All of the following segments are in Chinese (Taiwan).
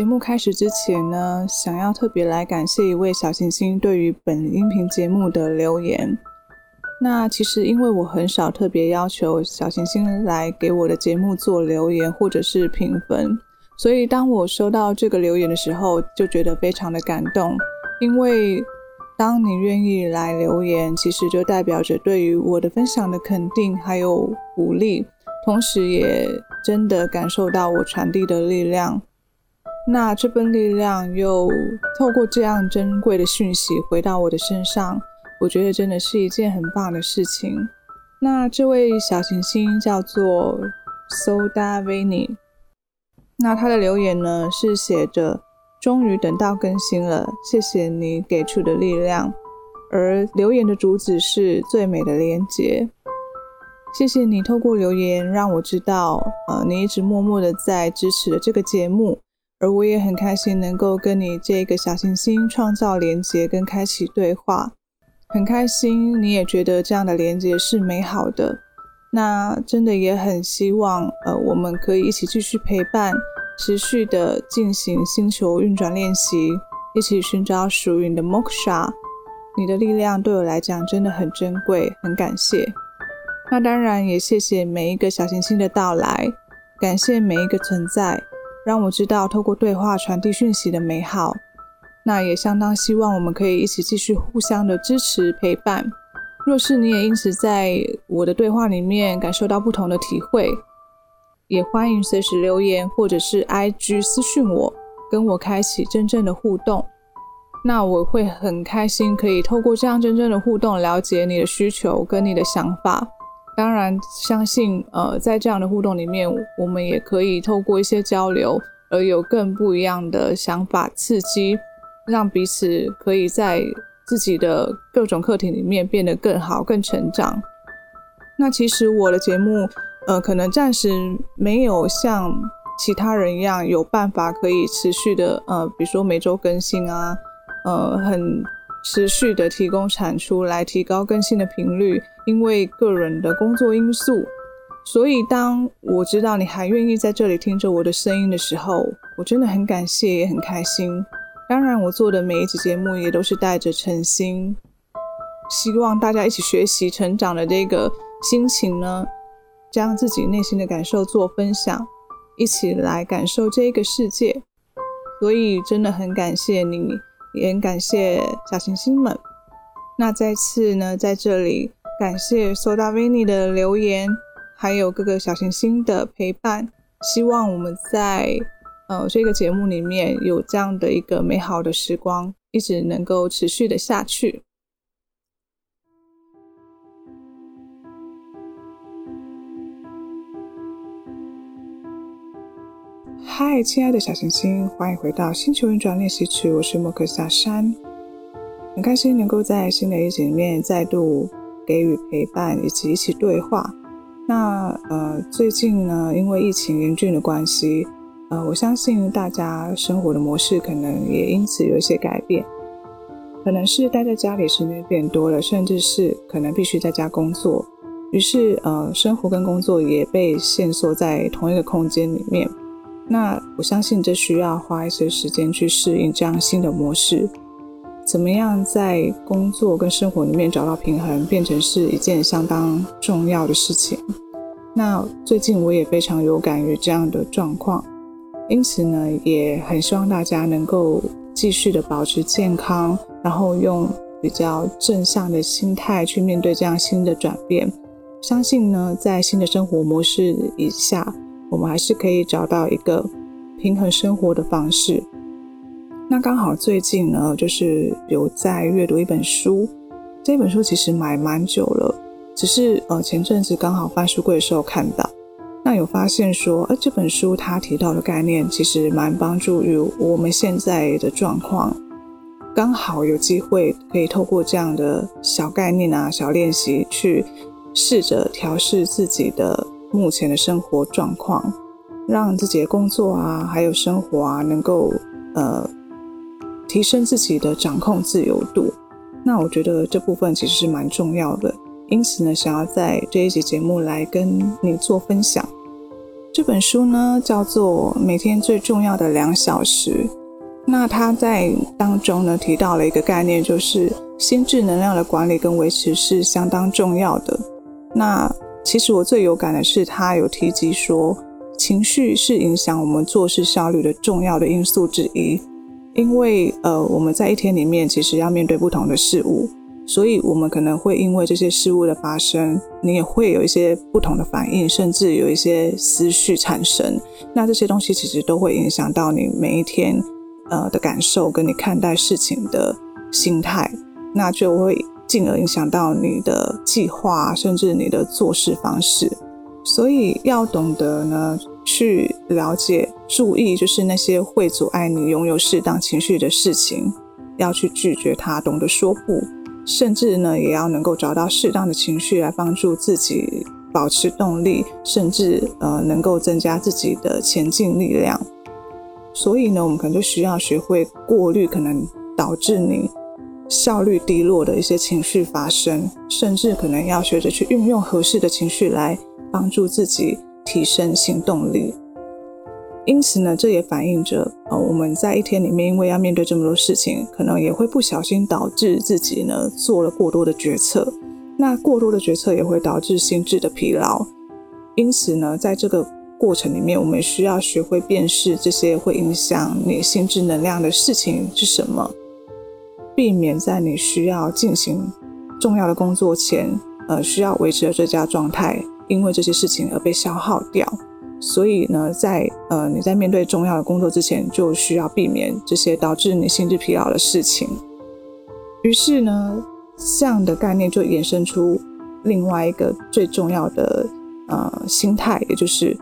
節目開始之前呢，想要特別來感謝一位小行星對於本音頻節目的留言。那其實因為我很少特別要求小行星來給我的節目做留言或者是評分，所以當我收到這個留言的時候，就覺得非常的感動。因為當你願意來留言，其實就代表着對於我的分享的肯定，還有鼓勵，同時也真的感受到我傳遞的力量。那這份力量又透過這樣珍貴的訊息回到我的身上，我覺得真的是一件很棒的事情。那這位小行星叫做 Soda Vini，那他的留言呢是寫着：“終於等到更新了，謝謝你給出的力量。”而留言的主旨是最美的連接。謝謝你透過留言讓我知道，呃，你一直默默的在支持着這個節目。而我也很開心能夠跟你這個小行星創造連接跟開啟對話，很開心你也覺得這樣的連接是美好的，那真的也很希望呃我們可以一起繼續陪伴，持續的進行星球運轉練習，一起尋找屬於你的 Moksha，你的力量對我來講真的很珍貴，很感謝。那當然也謝謝每一個小行星的到來，感謝每一個存在。讓我知道透過對話傳遞訊息的美好，那也相當希望我們可以一起繼續互相的支持陪伴。若是你也因此在我的對話裡面感受到不同的體會，也歡迎隨時留言或者是 IG 私訊我，跟我開啟真正的互動。那我會很開心可以透過這樣真正的互動了解你的需求跟你的想法。當然，相信呃，在這樣的互動裡面，我們也可以透過一些交流，而有更不一樣的想法刺激，讓彼此可以在自己的各種課題裡面變得更好、更成長。那其實我的節目，呃，可能暫時沒有像其他人一樣有辦法可以持續的，呃，比如說每周更新啊，呃，很。持續的提供產出來提高更新的頻率，因為個人的工作因素，所以當我知道你還願意在這裡聽着我的聲音的時候，我真的很感謝也很開心。當然，我做的每一集節目也都是帶着誠心，希望大家一起學習成長的這個心情呢，將自己內心的感受做分享，一起來感受這個世界。所以真的很感謝你。也感謝小行星們。那再次呢，在這裡感謝 Sodavini 的留言，還有各個小行星的陪伴。希望我們在呃這個節目裡面有這樣的一個美好的時光，一直能夠持續的下去。嗨，親愛的小行星，歡迎回到星球運轉練習區，我是莫克夏珊，很開心能夠在新的一集裡面再度給予陪伴以及一起對話。那呃，最近呢，因為疫情嚴峻的關係，呃，我相信大家生活的模式可能也因此有一些改變，可能是待在家裡時間變多了，甚至是可能必須在家工作，於是呃，生活跟工作也被限縮在同一個空間裡面。那我相信這需要花一些時間去適應這樣新的模式，怎麼樣在工作跟生活裡面找到平衡，變成是一件相當重要的事情。那最近我也非常有感於這樣的狀況，因此呢，也很希望大家能夠繼續的保持健康，然後用比較正向的心態去面對這樣新的轉變。相信呢，在新的生活模式以下，我們還是可以找到一個平衡生活的方式。那剛好最近呢，就是有在閱讀一本書，這本書其實買蠻久了，只是呃前陣子剛好翻書櫃的時候看到，那有發現說，哎、呃，這本書它提到的概念其實蠻幫助於我們現在的狀況。剛好有機會可以透過這樣的小概念啊、小練習去試着調試自己的。目前的生活狀況，讓自己的工作啊，還有生活啊，能夠呃提升自己的掌控自由度。那我覺得這部分其實是蠻重要的。因此呢，想要在這一集節目來跟你做分享。這本書呢叫做《每天最重要的兩小時》。那它在當中呢提到了一個概念，就是心智能量的管理跟維持是相當重要的。那其實我最有感的是，他有提及說，情緒是影響我們做事效率的重要的因素之一。因為呃，我們在一天裡面其實要面對不同的事物，所以我們可能會因為這些事物的發生，你也會有一些不同的反應，甚至有一些思緒產生。那這些東西其實都會影響到你每一天呃的感受，跟你看待事情的心態，那就會。進而影響到你的計劃，甚至你的做事方式。所以要懂得呢，去了解、注意，就是那些會阻礙你擁有適當情緒的事情，要去拒絕它，懂得說不。甚至呢，也要能夠找到適當的情緒來幫助自己保持動力，甚至呃，能夠增加自己的前進力量。所以呢，我們可能就需要學會過濾，可能導致你。效率低落的一些情緒發生，甚至可能要學着去運用合適的情緒來幫助自己提升行動力。因此呢，這也反映着，呃、哦，我們在一天裡面，因為要面對這麼多事情，可能也會不小心導致自己呢做了過多的決策。那過多的決策也會導致心智的疲勞。因此呢，在這個過程裡面，我們需要學會辨識這些會影響你心智能量的事情是什麼。避免在你需要進行重要的工作前，呃，需要維持的最佳狀態，因為這些事情而被消耗掉。所以呢，在呃你在面對重要的工作之前，就需要避免這些導致你心智疲勞的事情。於是呢，這樣的概念就衍生出另外一個最重要的呃心態，也就是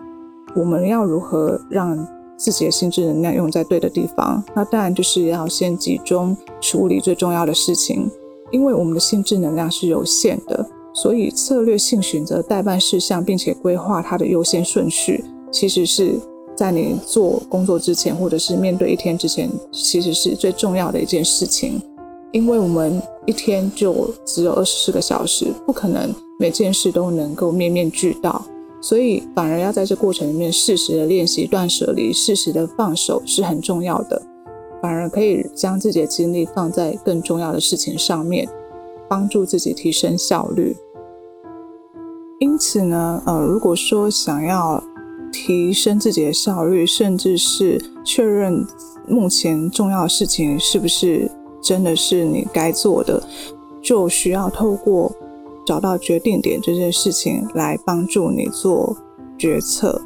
我們要如何讓。自己的心智能量用在對的地方，那當然就是要先集中處理最重要的事情。因為我們的心智能量是有限的，所以策略性選擇待辦事項，並且規劃它的優先順序，其實是在你做工作之前，或者是面對一天之前，其實是最重要的一件事情。因為我們一天就只有二十四個小時，不可能每件事都能夠面面俱到。所以，反而要在這過程裡面適時的練習斷捨離，適時的放手是很重要的。反而可以將自己的精力放在更重要的事情上面，幫助自己提升效率。因此呢，呃，如果說想要提升自己的效率，甚至是確認目前重要的事情是不是真的是你該做的，就需要透過找到決定點這件事情來幫助你做決策，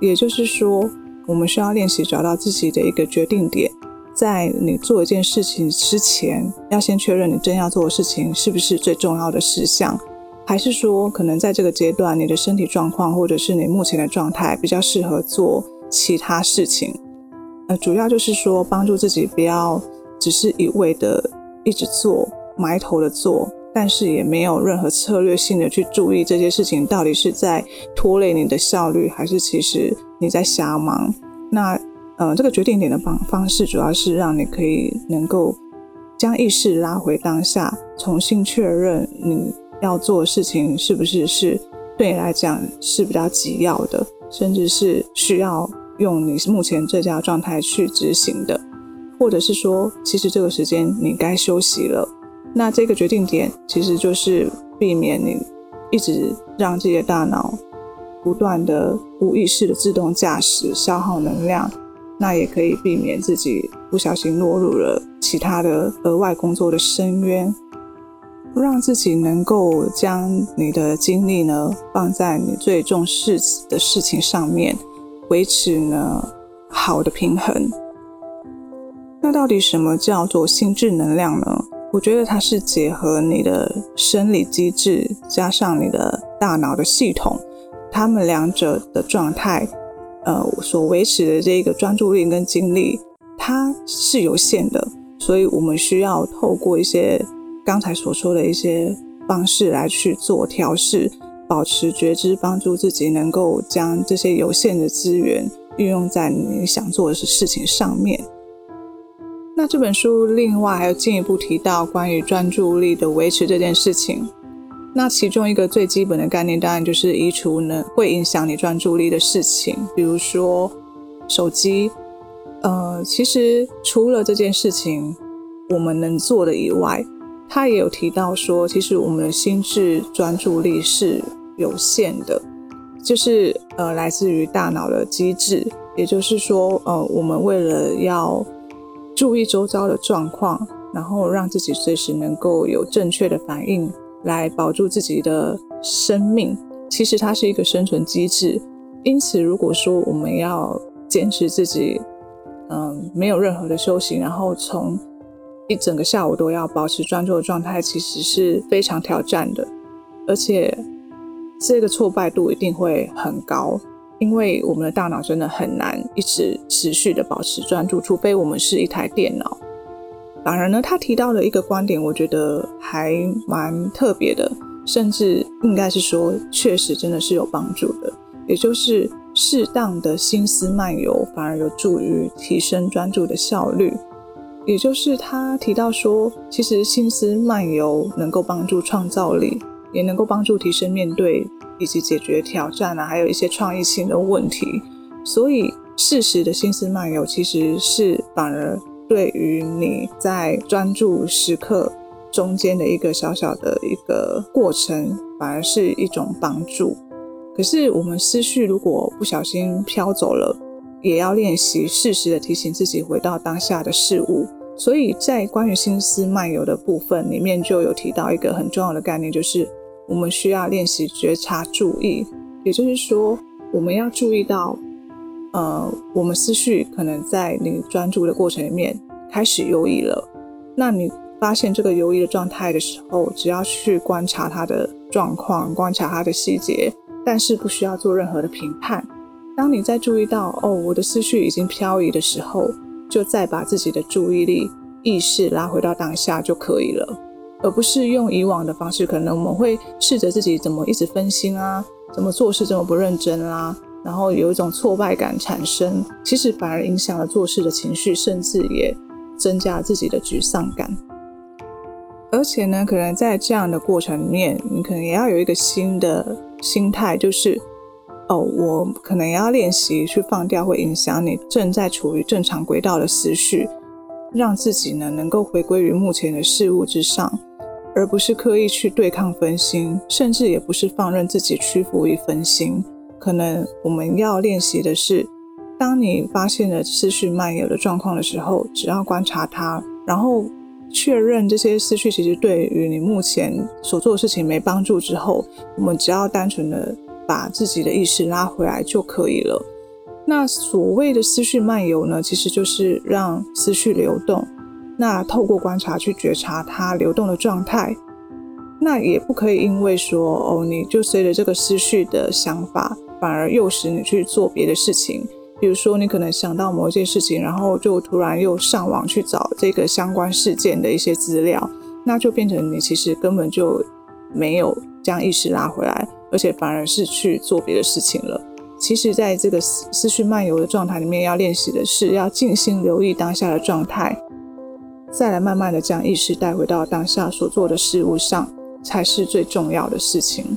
也就是說，我們需要練習找到自己的一個決定點，在你做一件事情之前，要先確認你真要做的事情是不是最重要的事項，還是說可能在這個階段你的身體狀況或者是你目前的狀態比較適合做其他事情？呃，主要就是說幫助自己不要只是一味的一直做埋頭的做。但是也沒有任何策略性的去注意這些事情到底是在拖累你的效率，還是其實你在瞎忙。那，嗯、呃，這個決定點的方方式主要是讓你可以能夠將意識拉回當下，重新確認你要做的事情是不是是對你來講是比較急要的，甚至是需要用你目前最佳狀態去執行的，或者是說，其實這個時間你該休息了。那這個決定點其實就是避免你一直讓自己的大腦不斷的無意識的自動駕駛消耗能量，那也可以避免自己不小心落入了其他的額外工作的深淵，讓自己能夠將你的精力呢放在你最重視的事情上面，維持呢好的平衡。那到底什麼叫做心智能量呢？我覺得它是結合你的生理機制，加上你的大腦的系統，他們兩者的狀態，呃，所維持的這個專注力跟精力，它是有限的。所以我們需要透過一些剛才所說的一些方式來去做調試，保持覺知，幫助自己能夠將這些有限的資源運用在你想做的事情上面。那這本書另外還有進一步提到關於專注力的維持這件事情。那其中一個最基本的概念，當然就是移除可能會影響你專注力的事情，比如說手機。呃，其實除了這件事情，我們能做的以外，他也有提到說，其實我們的心智專注力是有限的，就是呃來自於大腦的機制。也就是說，呃，我們為了要注意周遭的狀況，然後讓自己隨時能夠有正確的反應，來保住自己的生命。其實它是一個生存機制。因此，如果說我們要堅持自己，嗯、呃，沒有任何的休息，然後從一整個下午都要保持專注的狀態，其實是非常挑戰的，而且這個挫敗度一定會很高。因為我們的大腦真的很難一直持續的保持專注，除非我們是一台電腦。反而呢，他提到了一個觀點，我覺得還蠻特別的，甚至應該是說，確實真的是有幫助的，也就是適當的心思漫遊反而有助於提升專注的效率。也就是他提到說，其實心思漫遊能夠幫助創造力，也能夠幫助提升面對。以及解決挑戰啊，還有一些創意性的問題，所以適時的心思漫遊其實是反而對於你在專注時刻中間的一個小小的一個過程，反而是一種幫助。可是我們思緒如果不小心飄走了，也要練習適時的提醒自己回到當下的事物。所以在關於心思漫遊的部分裡面，就有提到一個很重要的概念，就是。我們需要練習覺察注意，也就是說，我們要注意到，呃，我們思緒可能在你專注的過程裡面開始游移了。那你發現這個游移的狀態的時候，只要去觀察它的狀況，觀察它的細節，但是不需要做任何的評判。當你再注意到哦，我的思緒已經漂移的時候，就再把自己的注意力意識拉回到當下就可以了。而不是用以往的方式，可能我們會試着自己怎麼一直分心啊，怎麼做事這麼不認真啦、啊，然後有一種挫敗感產生，其實反而影響了做事的情緒，甚至也增加了自己的沮喪感。而且呢，可能在這樣的過程裡面，你可能也要有一個新的心態，就是哦，我可能也要練習去放掉會影響你正在處於正常軌道的思緒，讓自己呢能夠回歸於目前的事物之上。而不是刻意去對抗分心，甚至也不是放任自己屈服於分心。可能我們要練習的是，當你發現了思緒漫遊的狀況的時候，只要觀察它，然後確認這些思緒其實對於你目前所做的事情沒幫助之後，我們只要單純的把自己的意識拉回來就可以了。那所謂的思緒漫遊呢，其實就是讓思緒流動。那透過觀察去覺察它流動的狀態，那也不可以因為說哦，你就隨着這個思緒的想法，反而誘使你去做別的事情。比如說，你可能想到某一件事情，然後就突然又上網去找這個相關事件的一些資料，那就變成你其實根本就沒有將意識拉回來，而且反而是去做別的事情了。其實在這個思緒漫遊的狀態裡面，要練習的是要靜心留意當下的狀態。再來慢慢的將意識帶回到當下所做的事物上，才是最重要的事情。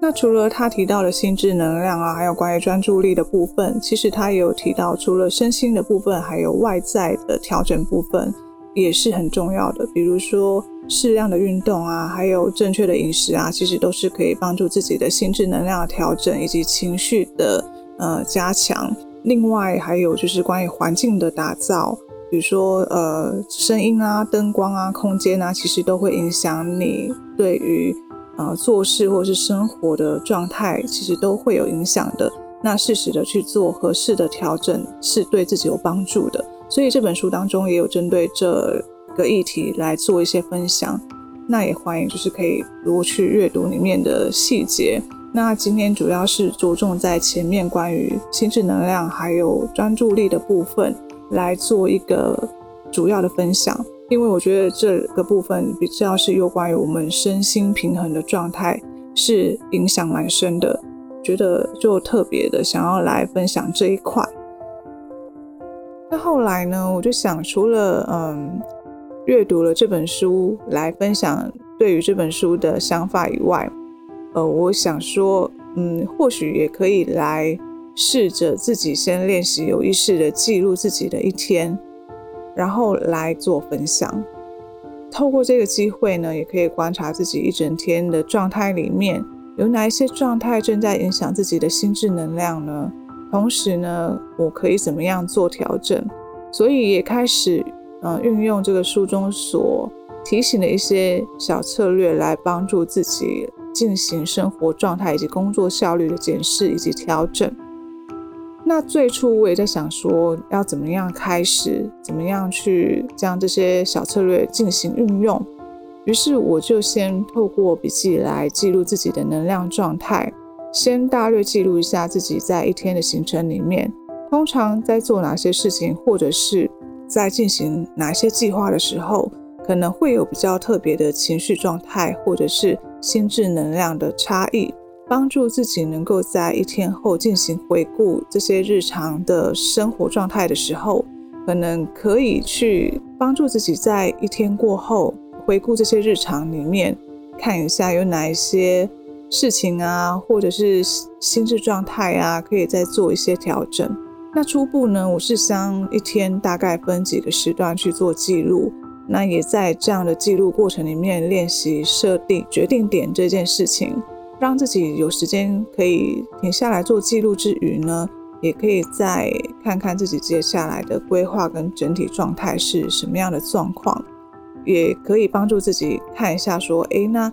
那除了他提到的心智能量啊，還有關於專注力的部分，其實他也有提到，除了身心的部分，還有外在的調整部分也是很重要的。比如說適量的運動啊，還有正確的飲食啊，其實都是可以幫助自己的心智能量的調整以及情緒的呃加強。另外還有就是關於環境的打造。比如說，呃，聲音啊，燈光啊，空間啊，其實都會影響你對於呃做事或是生活的狀態，其實都會有影響的。那適時的去做合適的調整，是對自己有幫助的。所以這本書當中也有針對這個議題來做一些分享。那也歡迎就是可以多去閱讀裡面的細節。那今天主要是着重在前面關於心智能量還有專注力的部分，來做一個主要的分享，因為我覺得這個部分比較是有關於我們身心平衡的狀態，是影響蠻深的，覺得就特別的想要來分享這一塊。那後來呢，我就想除了嗯閱讀了這本書來分享對於這本書的想法以外，呃，我想說，嗯，或許也可以來。試着自己先練習有意識的記錄自己的一天，然後來做分享。透過這個機會呢，也可以觀察自己一整天的狀態裡面，有哪一些狀態正在影響自己的心智能量呢？同時呢，我可以怎麼樣做調整？所以也開始嗯、呃，運用這個書中所提醒的一些小策略來幫助自己進行生活狀態以及工作效率的檢視以及調整。那最初我也在想說要怎麼樣開始，怎麼樣去將這些小策略進行運用。於是我就先透過筆記來記錄自己的能量狀態，先大略記錄一下自己在一天的行程裡面，通常在做哪些事情，或者是在進行哪些計劃的時候，可能會有比較特別的情緒狀態，或者是心智能量的差異。幫助自己能夠在一天後進行回顧這些日常的生活狀態的時候，可能可以去幫助自己在一天過後回顧這些日常裡面，看一下有哪一些事情啊，或者是心智狀態啊，可以再做一些調整。那初步呢，我是將一天大概分幾個時段去做記錄，那也在這樣的記錄過程裡面練習設定決定點這件事情。讓自己有時間可以停下來做記錄之餘呢，也可以再看看自己接下來的規劃跟整體狀態是什麼樣的狀況，也可以幫助自己看一下說，誒，那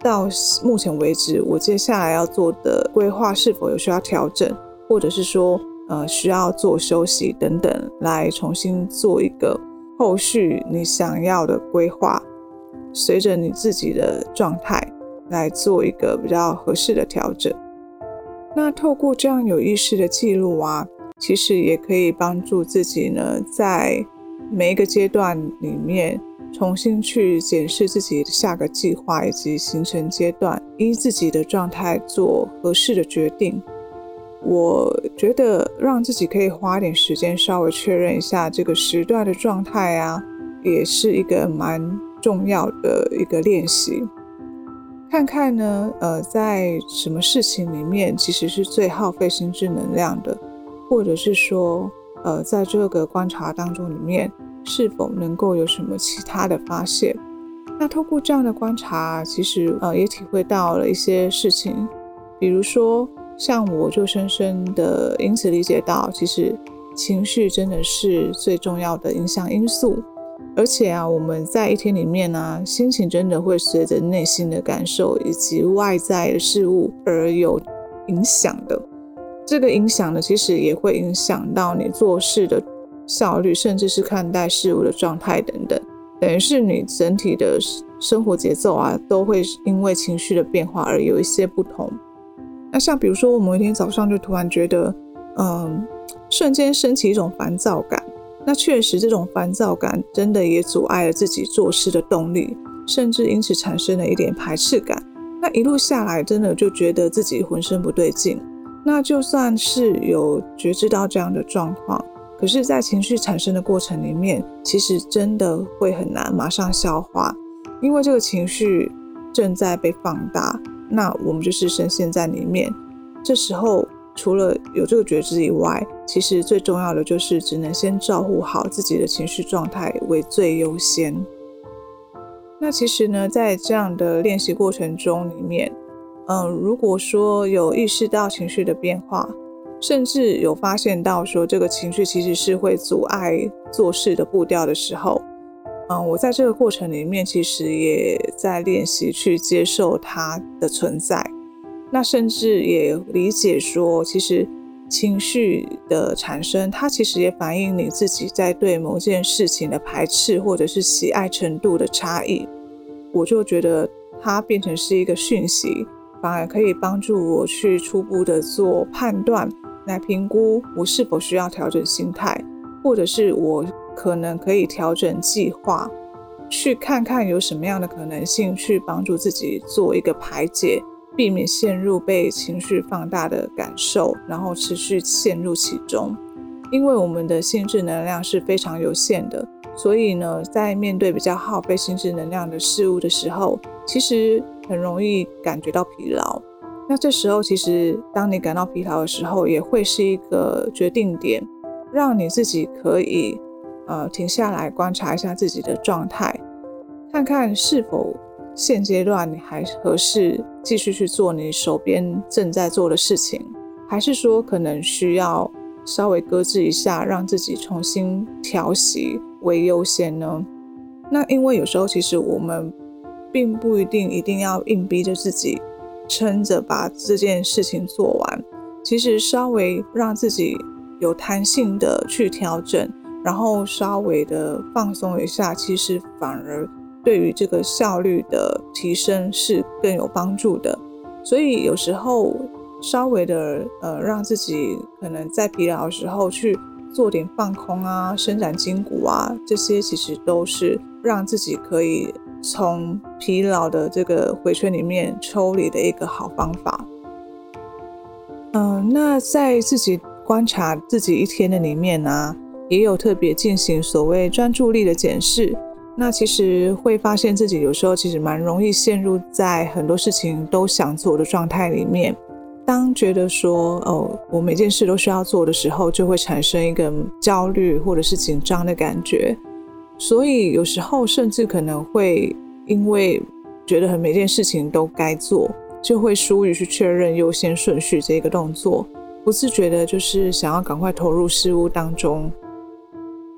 到目前為止，我接下來要做的規劃是否有需要調整，或者是說，呃，需要做休息等等，來重新做一個後續你想要的規劃，隨着你自己的狀態，來做一個比較合適的調整。那透過這樣有意識的記錄啊，其實也可以幫助自己呢，在每一個階段裡面重新去檢視自己的下個計劃以及行程階段，依自己的狀態做合適的決定。我覺得讓自己可以花點時間稍微確認一下這個時段的狀態啊，也是一個蠻重要的一個練習。看看呢，呃，在什麼事情裡面其實是最耗費心智能量的，或者是說，呃，在這個觀察當中裡面是否能夠有什麼其他的發現？那透過這樣的觀察，其實呃也體會到了一些事情，比如說，像我就深深的因此理解到，其實情緒真的是最重要的影響因素。而且啊，我們在一天裡面呢、啊，心情真的會隨着內心的感受以及外在的事物而有影響的。這個影響呢，其實也會影響到你做事的效率，甚至是看待事物的狀態等等。等於是你整體的生活節奏啊，都會因為情緒的變化而有一些不同。那像比如說，我某一天早上就突然覺得，嗯，瞬間升起一種煩躁感。那確實，這種煩躁感真的也阻礙了自己做事的動力，甚至因此產生了一點排斥感。那一路下來，真的就覺得自己渾身不對勁。那就算是有覺知到這樣的狀況，可是，在情緒產生的過程裡面，其實真的會很難馬上消化，因為這個情緒正在被放大。那我們就是深陷在裡面，這時候。除了有這個覺知以外，其實最重要的就是只能先照顧好自己的情緒狀態為最優先。那其實呢，在這樣的練習過程中裡面，嗯，如果說有意識到情緒的變化，甚至有發現到說這個情緒其實是會阻礙做事的步調的時候，嗯，我在這個過程裡面其實也在練習去接受它的存在。那甚至也理解說，其實情緒的產生，它其實也反映你自己在對某件事情的排斥或者是喜愛程度的差異。我就覺得它變成是一個訊息，反而可以幫助我去初步的做判斷，來評估我是否需要調整心態，或者是我可能可以調整計劃，去看看有什麼樣的可能性去幫助自己做一個排解。避免陷入被情緒放大的感受，然後持續陷入其中。因為我們的心智能量是非常有限的，所以呢，在面對比較耗費心智能量的事物的時候，其實很容易感覺到疲勞。那這時候，其實當你感到疲勞的時候，也會是一個決定點，讓你自己可以呃停下來觀察一下自己的狀態，看看是否，現階段你還合適繼續去做你手邊正在做的事情，還是說可能需要稍微擱置一下，讓自己重新調息為優先呢？那因為有時候其實我們並不一定一定要硬逼着自己撐着把這件事情做完，其實稍微讓自己有彈性的去調整，然後稍微的放鬆一下，其實反而。對於這個效率的提升是更有幫助的，所以有時候稍微的呃，讓自己可能在疲勞的時候去做點放空啊、伸展筋骨啊，這些其實都是讓自己可以從疲勞的這個回圈裡面抽離的一個好方法。嗯、呃，那在自己觀察自己一天的裡面呢、啊，也有特別進行所謂專注力的檢視。那其實會發現自己有時候其實蠻容易陷入在很多事情都想做的狀態裡面。當覺得說哦，我每件事都需要做的時候，就會產生一個焦慮或者是緊張的感覺。所以有時候甚至可能會因為覺得很每件事情都該做，就會疏於去確認優先順序這個動作，不自覺的就是想要趕快投入事物當中，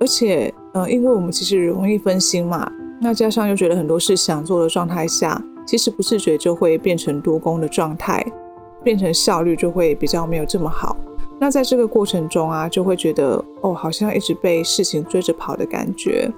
而且。嗯，因為我們其實容易分心嘛，那加上又覺得很多事想做的狀態下，其實不自覺就會變成多工的狀態，變成效率就會比較沒有這麼好。那在這個過程中啊，就會覺得哦，好像一直被事情追着跑的感覺。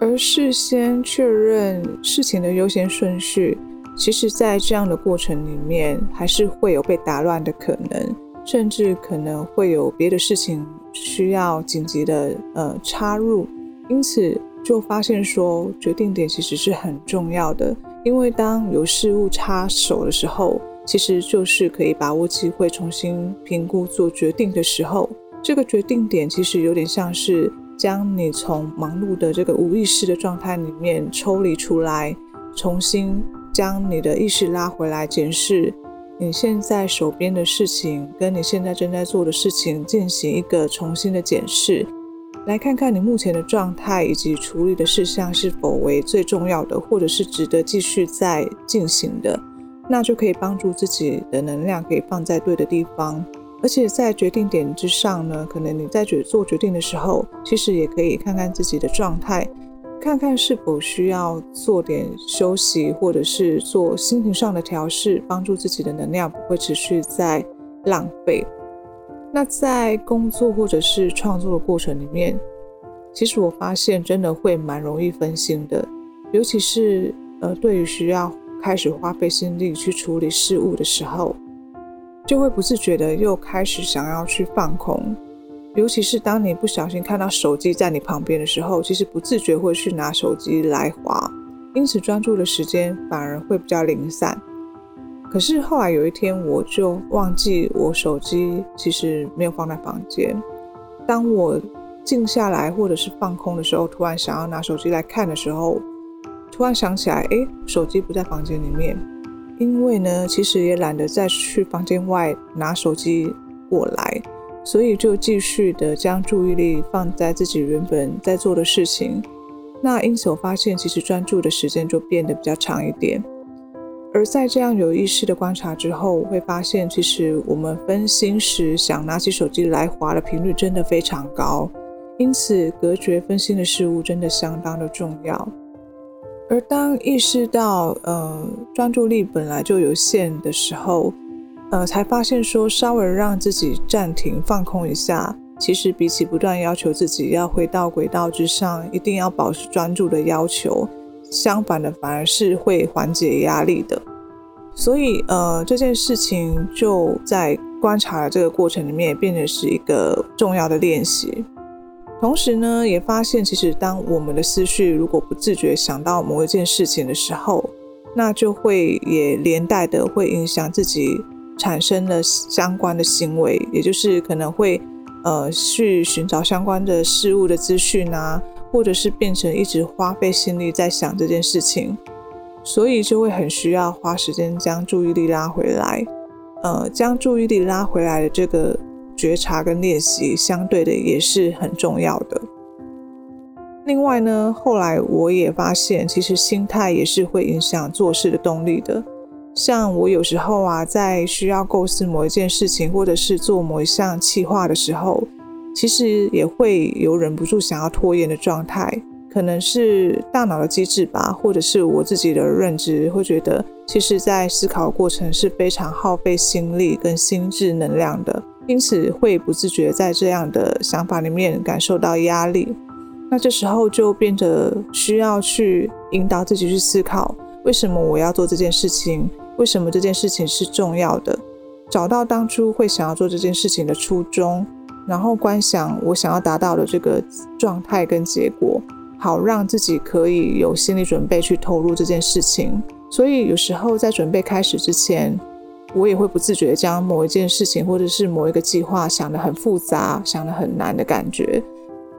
而事先確認事情的優先順序，其實，在這樣的過程裡面，還是會有被打亂的可能。甚至可能會有別的事情需要緊急的呃插入，因此就發現說，決定點其實是很重要的，因為當有事物插手的時候，其實就是可以把握機會重新評估做決定的時候。這個決定點其實有點像是將你從忙碌的這個無意識的狀態裡面抽離出來，重新將你的意識拉回來檢視你現在手邊的事情，跟你現在正在做的事情進行一個重新的檢視，來看看你目前的狀態以及處理的事項是否為最重要的，或者是值得繼續再進行的，那就可以幫助自己的能量可以放在對的地方。而且在決定點之上呢，可能你在決做決定的時候，其實也可以看看自己的狀態。看看是否需要做點休息，或者是做心情上的調適，幫助自己的能量不會持續在浪費。那在工作或者是創作的過程裡面，其實我發現真的會蠻容易分心的，尤其是呃，對於需要開始花費心力去處理事務的時候，就會不自覺的又開始想要去放空。尤其是當你不小心看到手機在你旁邊的時候，其實不自覺會去拿手機來滑，因此專注的時間反而會比較零散。可是後來有一天，我就忘記我手機其實沒有放在房間。當我靜下來或者是放空的時候，突然想要拿手機來看的時候，突然想起來，誒，手機不在房間裡面。因為呢，其實也懶得再去房間外拿手機過來。所以就繼續的將注意力放在自己原本在做的事情。那因此我發現，其實專注的時間就變得比較長一點。而在這樣有意識的觀察之後，我會發現其實我們分心時想拿起手機來滑的頻率真的非常高。因此，隔絕分心的事物真的相當的重要。而當意識到呃嗯，專注力本來就有限的時候，呃，才發現說，稍微讓自己暫停、放空一下，其實比起不斷要求自己要回到軌道之上，一定要保持專注的要求，相反的反而是會緩解壓力的。所以，呃，這件事情就在觀察的這個過程裡面，也變成是一個重要的練習。同時呢，也發現其實當我們的思緒如果不自覺想到某一件事情的時候，那就會也連帶的會影響自己。產生了相關的行為，也就是可能會呃去尋找相關的事物的資訊啊，或者是變成一直花費心力在想這件事情，所以就會很需要花時間將注意力拉回來。呃，將注意力拉回來的這個覺察跟練習相對的也是很重要的。另外呢，後來我也發現，其實心態也是會影響做事的動力的。像我有時候啊，在需要構思某一件事情，或者是做某一項企劃的時候，其實也會有忍不住想要拖延的狀態。可能是大腦的機制吧，或者是我自己的認知，會覺得其實，在思考過程是非常耗費心力跟心智能量的，因此會不自覺在這樣的想法裡面感受到壓力。那這時候就變得需要去引導自己去思考，為什麼我要做這件事情？為什麼這件事情是重要的？找到當初會想要做這件事情的初衷，然後觀想我想要達到的這個狀態跟結果，好讓自己可以有心理準備去投入這件事情。所以有時候在準備開始之前，我也會不自覺將某一件事情或者是某一個計劃想得很複雜，想得很難的感覺，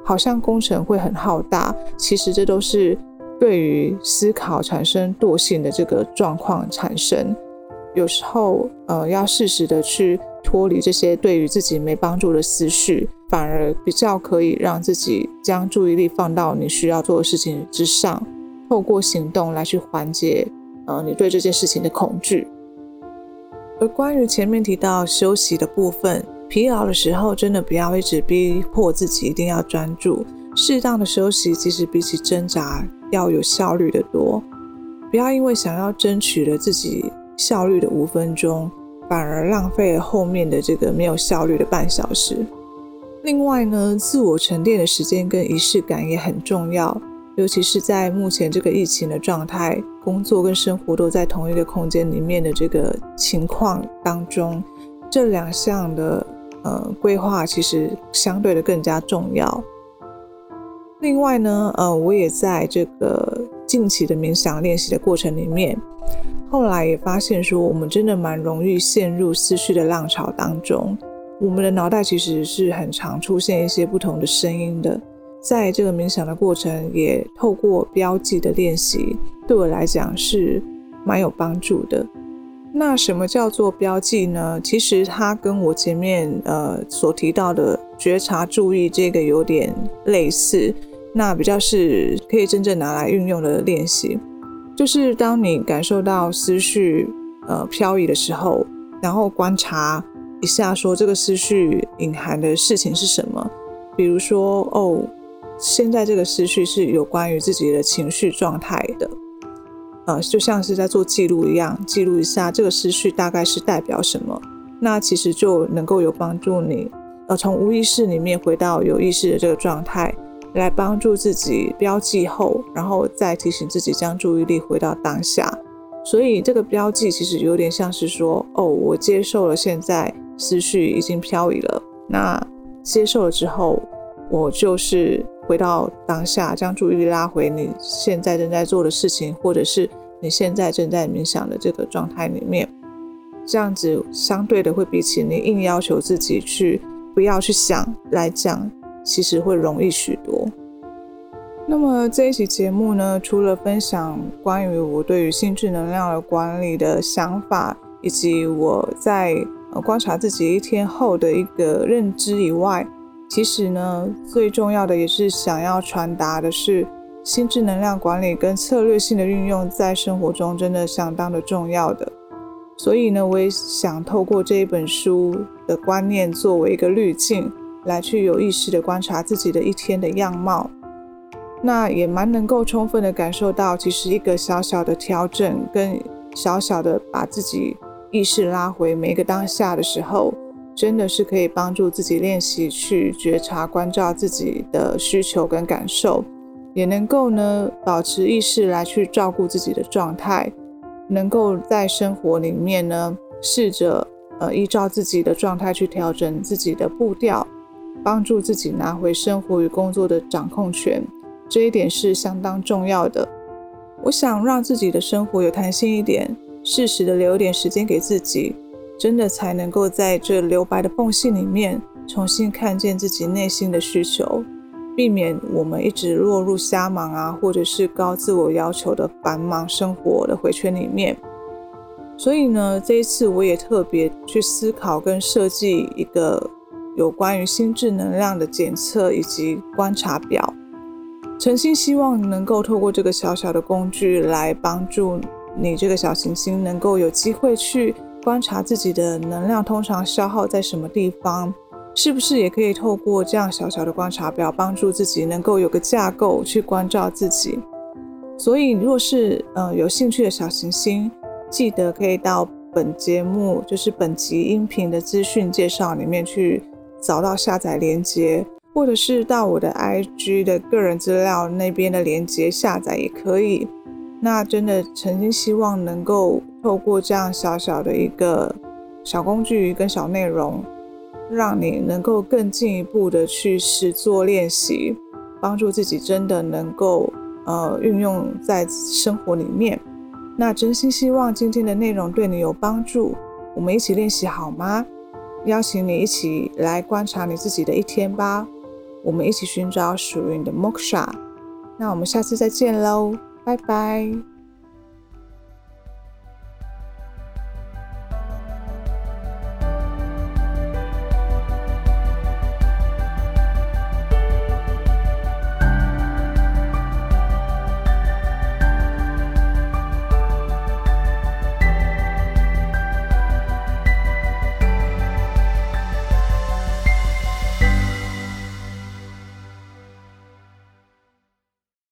好像工程會很浩大，其實這都是。對於思考產生惰性的這個狀況產生，有時候呃，要適時的去脫離這些對於自己沒幫助的思緒，反而比較可以讓自己將注意力放到你需要做的事情之上，透過行動來去緩解呃你對這件事情的恐懼。而關於前面提到休息的部分，疲勞的時候真的不要一直逼迫自己一定要專注。適當的休息，其實比起掙扎要有效率得多。不要因為想要爭取了自己效率的五分鐘，反而浪費了後面的這個沒有效率的半小時。另外呢，自我沉澱的時間跟儀式感也很重要，尤其是在目前這個疫情的狀態，工作跟生活都在同一個空間裡面的這個情況當中，這兩項的呃規劃其實相對的更加重要。另外呢，呃，我也在這個近期的冥想練習的過程裡面，後來也發現說，我們真的蠻容易陷入思緒的浪潮當中。我們的腦袋其實是很常出現一些不同的聲音的。在這個冥想的過程，也透過標記的練習，對我來講是蠻有幫助的。那什麼叫做標記呢？其實它跟我前面呃所提到的覺察、注意這個有點類似。那比較是可以真正拿來運用的練習，就是當你感受到思緒呃飄移的時候，然後觀察一下，說這個思緒隱含的事情是什麼，比如說哦，現在這個思緒是有關於自己的情緒狀態的，呃，就像是在做記錄一樣，記錄一下這個思緒大概是代表什麼，那其實就能夠有幫助你，呃，從無意識裡面回到有意識的這個狀態。來幫助自己標記後，然後再提醒自己將注意力回到當下。所以這個標記其實有點像是說：哦，我接受了，現在思緒已經飄移了。那接受了之後，我就是回到當下，將注意力拉回你現在正在做的事情，或者是你現在正在冥想的這個狀態裡面。這樣子相對的會比起你硬要求自己去不要去想來講。其實會容易許多。那麼這一期節目呢，除了分享關於我對於心智能量的管理的想法，以及我在，呃，觀察自己一天後的一個認知以外，其實呢，最重要的也是想要傳達的是，心智能量管理跟策略性的運用在生活中真的相當的重要的。所以呢，我也想透過這一本書的觀念作為一個濾鏡，來去有意識的觀察自己的一天的樣貌，那也蠻能夠充分的感受到，其實一個小小的調整跟小小的把自己意識拉回每一個當下的時候，真的是可以幫助自己練習去覺察、觀照自己的需求跟感受，也能夠呢保持意識來去照顧自己的狀態，能夠在生活裡面呢試着呃依照自己的狀態去調整自己的步調。幫助自己拿回生活與工作的掌控權，這一點是相當重要的。我想讓自己的生活有彈性一點，適時的留一點時間給自己，真的才能夠在這留白的縫隙裡面重新看見自己內心的需求，避免我們一直落入瞎忙啊，或者是高自我要求的繁忙生活的迴圈裡面。所以呢，這一次我也特別去思考跟設計一個。有關於心智能量的檢測以及觀察表，誠心希望能夠透過這個小小的工具來幫助你這個小行星能夠有機會去觀察自己的能量通常消耗在什麼地方，是不是也可以透過這樣小小的觀察表幫助自己能夠有個架構去關照自己。所以，若是嗯有興趣的小行星，記得可以到本節目就是本集音頻的資訊介紹裡面去。找到下載鏈接，或者是到我的 IG 的個人資料那邊的鏈接下載也可以。那真的誠心希望能夠透過這樣小小的一個小工具跟小內容，讓你能夠更進一步的去試做練習，幫助自己真的能夠呃運用在生活裡面。那真心希望今天的內容對你有幫助，我們一起練習好嗎？邀請你一起來觀察你自己的一天吧，我們一起尋找屬於你的 Moksha。那我們下次再見嘍，拜拜。